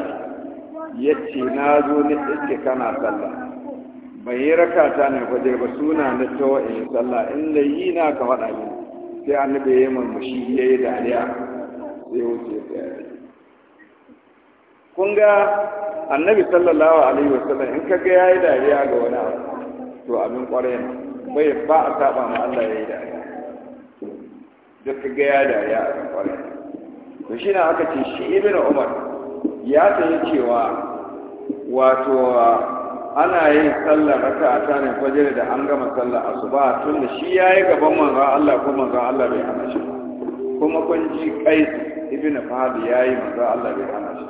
ya ce na zo ne iske kana sallah bai yi raka ta ne ba dai ba suna na tawa in sallah in da yi na ka faɗa ne sai annabi ya mun murmushi ya yi dariya sai wuce tsaya kun ga annabi sallallahu alaihi wasallam in ga ya yi dariya ga wani abu to abin kwarai ne bai ba a saba ma Allah ya yi dariya duk ga ya yi dariya a kan kwarai to shi na aka ce shi ibnu umar ya sanya cewa wato ana yin sallah raka a tanin fajiri da an gama sallah sallar asuba tun da shi ya yi gaban manzan Allah ko manzan Allah bai hana shi kuma kun ji kai ibn fahad ya yi manzan Allah bai hana shi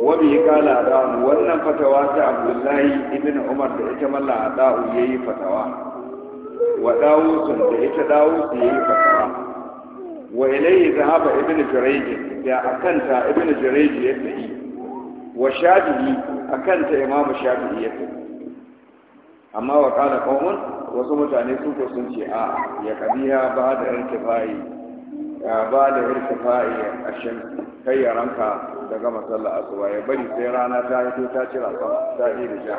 wabi kala da'u wannan fatawa ta abdullahi ibn umar da ita malla da'u yayi fatawa wa da'u sun da ita da'u su yayi fatawa wa ilayhi zahaba ibn jurayj ya akanta ibn jurayj ya tafi wa shafi'i a kanta imamu shafi'i ya fi amma wa kala kawun wasu mutane su ko sun ce a ya kabiya ba da irtifa'i ba da irtifa'i a shan kai ya ranka daga a asuba ya bari sai rana ta yi ta cira sama ta yi da sha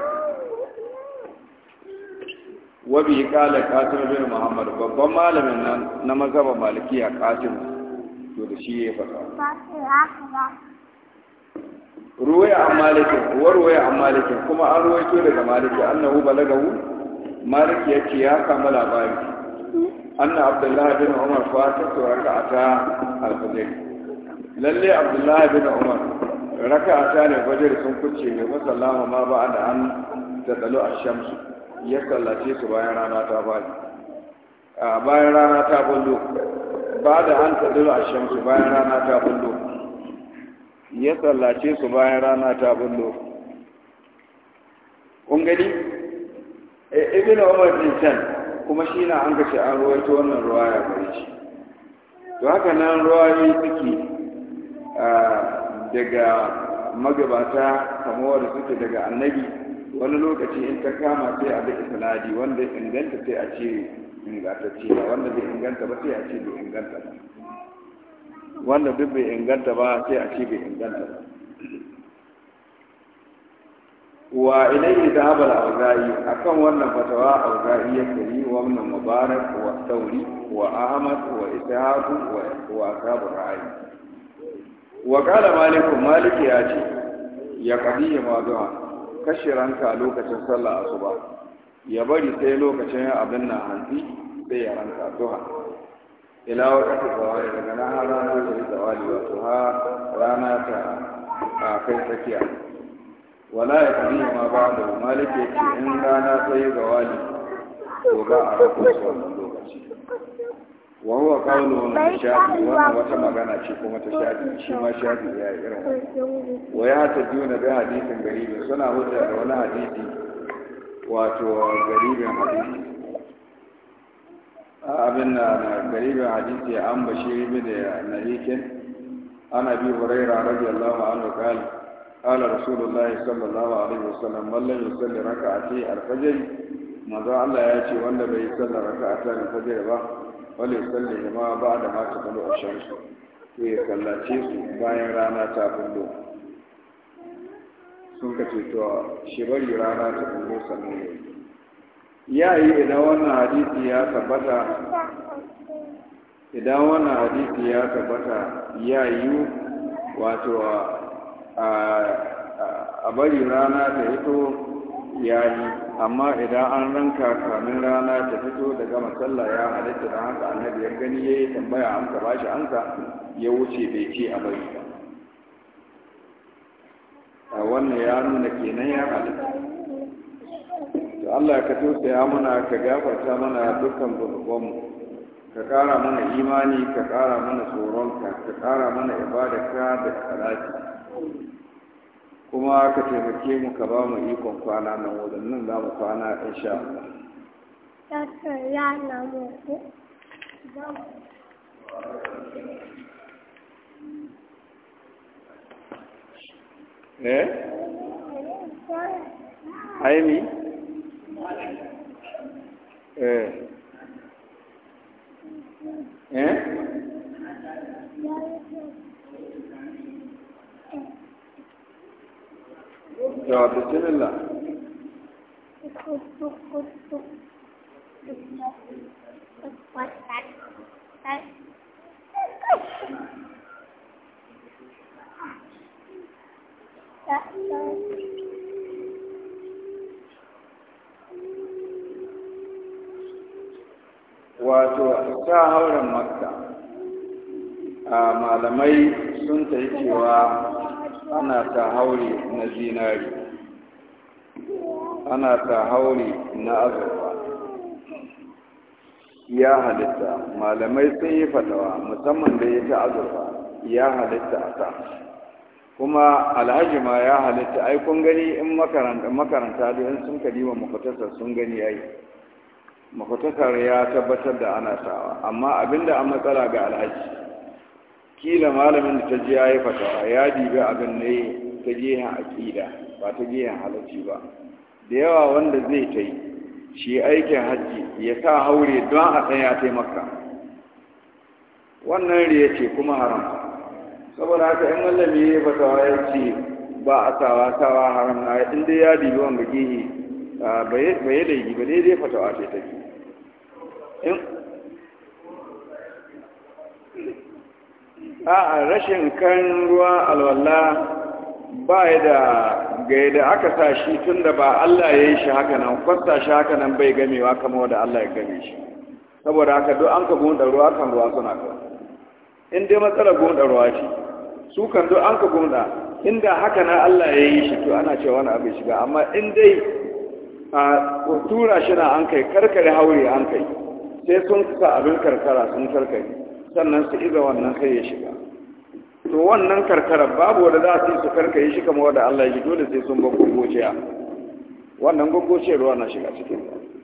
wabi kala kasim bin muhammad babban malamin nan na mazhaban malikiya kasim to da shi ya fasa ruwaya an malikin wa ruwaya a malikin kuma an ruwaito daga maliki annahu balagahu maliki ya ce ya kama labari anna abdullahi bin umar fatat raka'ata al-fajr lalle abdullahi bin umar raka a ta ne fajr sun kuce ne fa ma ba da an tadalu a shamsu, ya sallace su bayan rana ta bani bayan rana ta bullo ba da an tadalu a shamsu bayan rana ta bullo ya tsallace su bayan rana ta bullo kun gani eh, ibn umar din can kuma shi na an gashi an ruwaito wannan ruwa ya bari shi to haka nan ruwayoyi suke daga magabata kamar da suke daga annabi wani lokaci in ta kama sai a bi sanadi wanda inganta sai a ce ingantacce wanda bai inganta ba sai a ce bai inganta ba wanda duk bai inganta ba sai a ci bai inganta ba wa ilayhi dhahaba al A akan wannan fatawa awza'i ya kari wannan mubarak wa thawri wa ahmad wa ishaq wa wa ashabu ra'i wa qala malik maliki ya ce ya qadi ma zuwa kashe ranka lokacin sallah asuba ya bari sai lokacin abin nan hanzi sai ya ranka duha ila wakati zawali daga nan har ranar da yi zawali wato ha rana ta a kai tsakiya wala ya kuni ma ba da maliki ya ce in rana ta yi zawali to ba a rafa su wannan lokaci wa huwa qawlu min shafi wannan wata magana ce kuma ta shafi shi ma shafi ya yi irin wannan wa ya tajuna bi hadithin garibin suna hujja da wani hadisi wato garibin hadisi abin da garibin hadisi an bashir bin nahikin an abi hurairah radiyallahu anhu kal qala rasulullah sallallahu alaihi wasallam man yusalli rak'ati al-fajr manzo Allah ya ce wanda bai salla rak'ati al-fajr ba wala yusalli ma ba'da ma taqulu ash-shams to ya sallace su bayan rana ta fundo sun kace to shi bari rana ta fundo sannan ya yi idan wannan hadisi ya tabbata idan wannan hadisi ya tabbata ya yi wato a bari rana ta hito ya yi amma idan an ranka kamin rana ta fito daga matsala ya halitta da haka annabi ya gani ya yi tambaya amsa ba shi amsa ya wuce bai ce a bari ba wannan ya nuna kenan ya halitta to Allah ka tausaya mana ka gafarta mana dukkan zunubanmu ka ƙara mana imani ka ƙara mana tsoronka ka ƙara mana ka da salati kuma ka taimake mu ka ba mu ikon kwana nan wadannan za mu kwana insha Allah Eh? Aimi? eh eh to Thank you. wato ta hauren makka a malamai sun ta cewa ana ta hauri na zinari ana ta hauri na azurfa ya halitta malamai sun yi fatawa musamman da ya ta azurfa ya halitta a ta kuma alhaji ma ya halitta Aikun gani in makaranta da in sun kadiwa makutarsa sun gani yayi mafatakar ya tabbatar da ana sawa amma abinda an matsala ga alhaji kila malamin da ta je ya yi fatawa ya dibi abin ne ta gehen aƙida ba ta gehen halarci ba da yawa wanda zai ta yi shi aikin hajji ya sa haure don a san ya taimaka wannan riya ce kuma haram saboda haka in mallami ya yi fatawa ya ce ba a sawa sawa haram na inda ya dibi wanga gehe ba ya daidai ba daidai fatawa ce take a rashin kan ruwa alwala ba ya da ga aka sa shi tun da ba Allah ya yi shi haka nan kwasta shi haka nan bai gamewa kama wadda Allah ya game shi saboda haka duk an ka gunda ruwa kan ruwa suna ka. in dai matsala gunda ruwa ce su kan duk an ka gunda inda haka nan Allah ya yi shi to ana ce wani abin shiga amma in dai a tura shi na an kai karkare haure an kai sai sun kusa abin karkara sun karkari sannan su iza wannan sai ya shiga to wannan karkara babu wanda za su yi su karkare shi kamar wanda Allah ya dole sai sun ba gogociya wannan gogociyar ruwa na shiga cikin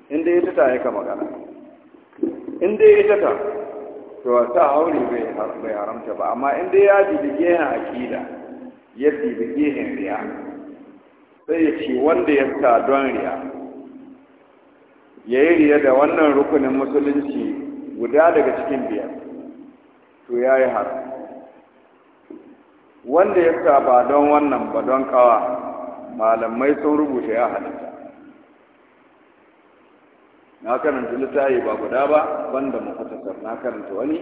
inda ita ta yi ka magana inda ita ta to ta haure bai haramta ba amma inda ya dibi gehen akida ya dibi gehen riya sai ya ce wanda ya sa don riya ya yi riya da wannan rukunin musulunci guda daga cikin biyar to ya yi haka wanda ya sa ba don wannan ba don kawa malamai sun rubuta ya halitta na karanta littafi ba guda ba banda mufassar na karanta wani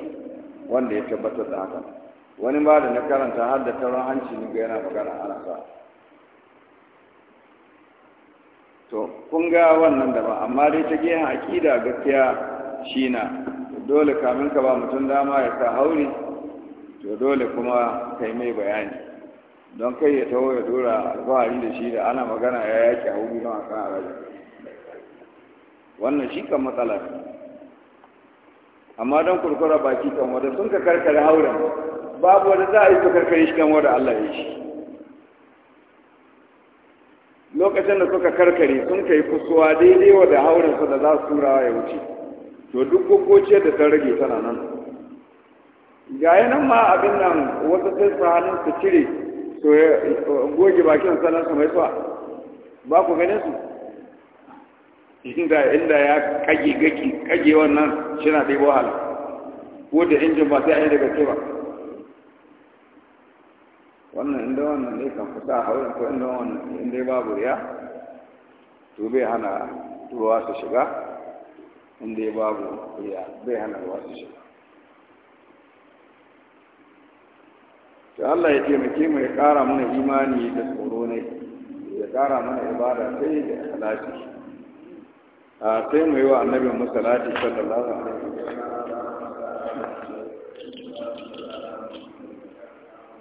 wanda ya tabbatar da haka wani ba da na karanta har da taron hanci ni ga yana magana ana sa to kun ga wannan daban amma dai ta gehen aƙida gaskiya shi na dole kamin ka ba mutum dama ya sa hauri to dole kuma kai mai bayani don kai ya taho ya dora alfahari da shi da ana magana ya yaƙi hauri don a kan arabi wannan shi kan matsala amma don kurkura baki kan wanda sun ka karkare hauren babu wanda za a yi su karkare shi kan wanda Allah ya shi lokacin da suka karkare sun kai kusuwa daidai wa da haurinsu da za su tura ya wuce to duk gogociyar da ta rage tana nan yi nan ma abin nan wasu sai su hannun su cire ya eh, goge bakin sanar su mai suwa ba ku ganin su inda ya kage gaki kage wannan shi na ɗaya wahala ko injin ba sai a yi daga ce ba wannan inda wannan ne kan fita a haurin ko inda wannan inda babu riya to bai hana ruwa su shiga inda babu riya bai hana ruwa su shiga to Allah ya taimake mu ya kara mana imani da tsoro ne ya kara mana ibada sai da halaki a sai mu yi wa annabin mu sallallahu alaihi sallam